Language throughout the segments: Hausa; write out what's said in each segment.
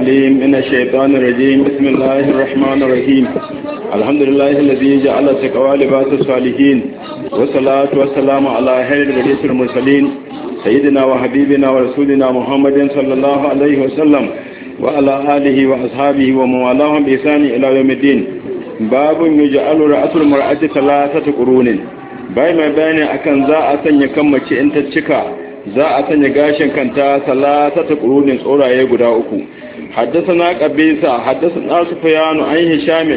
من الشيطان الرجيم بسم الله الرحمن الرحيم الحمد لله الذي جعل التقوى لباس الصالحين والصلاة والسلام على خير البريس المرسلين سيدنا وحبيبنا ورسولنا محمد صلى الله عليه وسلم وعلى آله وأصحابه وموالاهم بإحسان إلى يوم الدين باب يجعل رأس المرأة ثلاثة قرون bai mai bayani akan za a sanya kan mace in ta cika za a sanya gashin kanta salatata ƙurunin tsoraye guda uku حدثنا قبيسة حدثنا سفيان عن an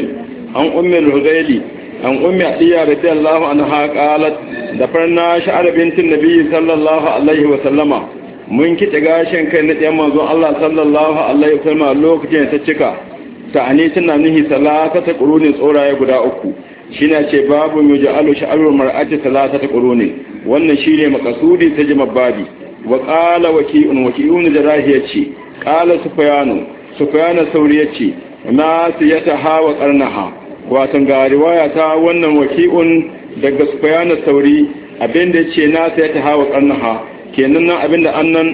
عن أم الهذيلي عن أم عطية رضي الله عنها قالت دفرنا شعر بنت النبي صلى الله عليه وسلم mun kice gashin kai na ɗan manzon Allah sallallahu alaihi wasallam lokacin ta cika ta ani tana nihi salata ta quruni tsoraye guda uku shine ce babu yuj'alu sha'rul mar'ati salata ta quruni wannan shine makasudi ta jima babi wa qala waki'un waki'un jarahi yace ƙala sufayano, sufayanu sauri ya ce na su ya ta hawa ƙarnaha watan ga riwaya ta wannan waki'un daga sufayanu sauri abinda ya ce na su ya ta hawa ƙarnaha kenan nan abinda annan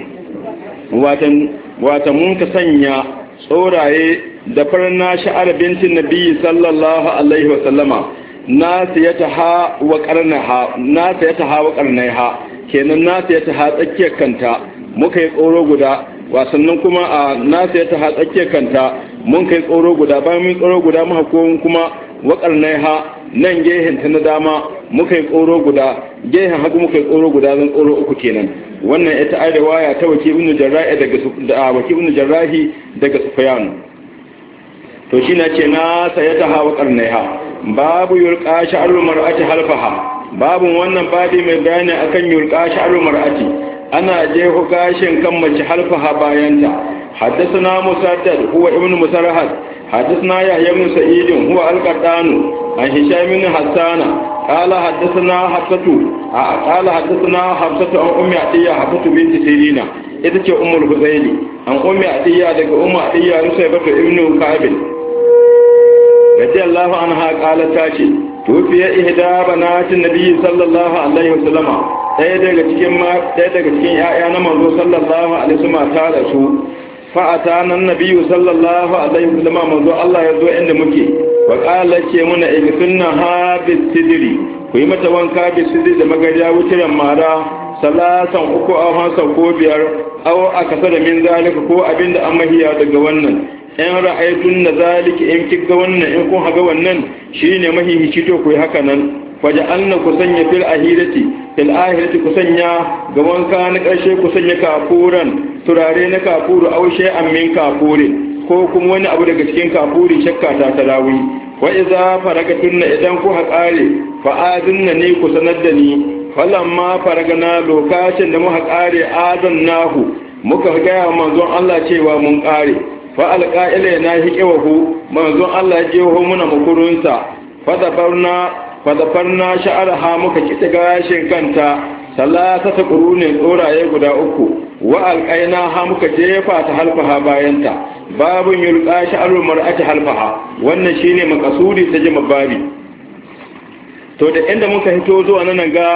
watan mun ka sanya tsoraye da farin na sha'ar bintin nabi sallallahu alaihi wasallama na su ya ta hawa ƙarnaha na su ta hawa kenan na su ya ta ha tsakiyar kanta muka yi tsoro guda wasannin kuma a nasa ya taha tsakiyar kanta mun kai tsoro guda bayan mun tsoro guda muka koyon kuma wakar ha nan gehen ta na dama muka yi tsoro guda gehen haka muka yi tsoro guda zan tsoro uku kenan wannan ita ai waya ta waki ibnu jarrahi daga da waki ibnu jarrahi daga sufyan to shi na ce na saya ta hawa ha babu yulqa sha'rul mar'ati halfaha babu wannan babi mai bayani akan yulqa sha'rul mar'ati ana je hukashin kan mace halfaha bayanta haddasana musaddad huwa ibnu musarhad haddasana yahya ibn sa'id huwa al-qattanu an hisham ibn hassana qala haddasana hafsatu qala haddasana hafsatu an ummi atiya hafsatu binti sirina ita ce ummul husaini an ummi atiya daga umma atiya rusaybatu ibnu ka'ib radi Allahu anha qala ta ce tufiya ihda banatin nabiyyi sallallahu alaihi wasallama ɗaya daga cikin ɗaya daga cikin ƴaƴa na manzo sallallahu alaihi wasallam ta da su fa atana annabi sallallahu alaihi wasallam manzo Allah ya zo inda muke wa qala ce muna sunna ha bisidri ku yi mata wanka bisidri da magaja wuciran mara salatan uku a hansa ko biyar aw da min zalika ko abinda an mahiya daga wannan in ra'aytun na zalika in kika wannan in kun haga wannan shine mahihici to ku yi haka nan waje anna ku sanya fil ahirati fil ahirati ku sanya ga wanka na karshe ku sanya kafuran turare na kafuru aw shay'an min kafurin ko kuma wani abu daga cikin kafuri shakka ta talawi wa idza faragatunna idan ku haƙare fa adunna ne ku sanar da ni falamma faragana lokacin da mu haƙare nahu muka gaya manzon Allah cewa mun ƙare fa alƙa'ila na ku manzon Allah ya jeho muna makurunsa fa dabarna fadafarna sha'arha muka kitse gashin kanta salasa ta kurunin tsoraye guda uku wa alƙaina ha muka jefa ta halfaha bayanta babun yulƙa sha'arul mar'ati halfaha wannan shine makasudi ta jima babi to da inda muka hito zuwa nan ga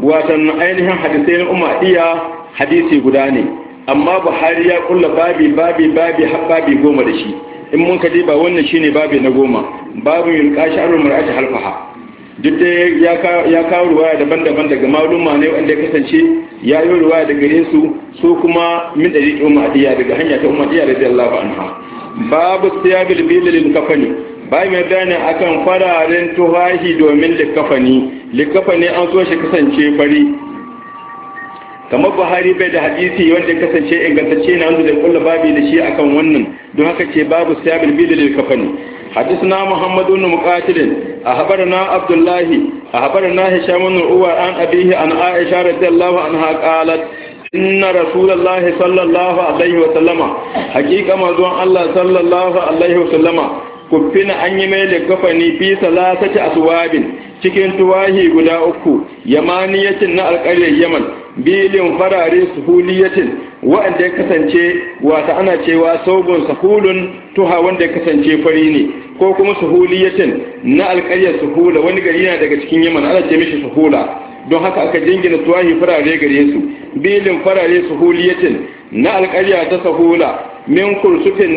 watan ainihin hadisai na umma iya hadisi guda ne amma buhari ya kulla babi babi babi har babi goma da shi in mun ka ba wannan shine babi na goma babun yulƙa sha'arul mar'ati halfaha duk da ya kawo ruwaya daban-daban daga maluma ne wanda ya kasance ya yi ruwaya daga yesu su su kuma min da riƙe umariya daga hanya ta umariya da zai an anha babu siyabil bilil kafani bai mai bayani akan fararen tuhahi domin likafani likafani an so shi kasance fari kamar buhari bai da hadisi wanda ya kasance ingantacce na wanda zai kulla babi da shi akan wannan don haka ce babu siyabil bilil kafani حدثنا محمد بن مقاتل أخبرنا عبد الله أخبرنا هشام بن عروة عن أبيه عن عائشة رضي الله عنها قالت إن رسول الله صلى الله عليه وسلم حقيقة موضوع الله صلى الله عليه وسلم kuffina an yi mai likafani fi salasati aswabin cikin tuwahi guda uku yamaniyacin na alƙaryar yaman bilin farare suhuliyatin wa'anda ya kasance wata ana cewa saugun sahulun tuha wanda ya kasance fari ne ko kuma suhuliyatin na alƙaryar suhula wani gari yana daga cikin yaman ana ce mishi suhula don haka aka jingina tuwahi farare gare su bilin farare suhuliyatin na alƙarya ta sahula min kursufin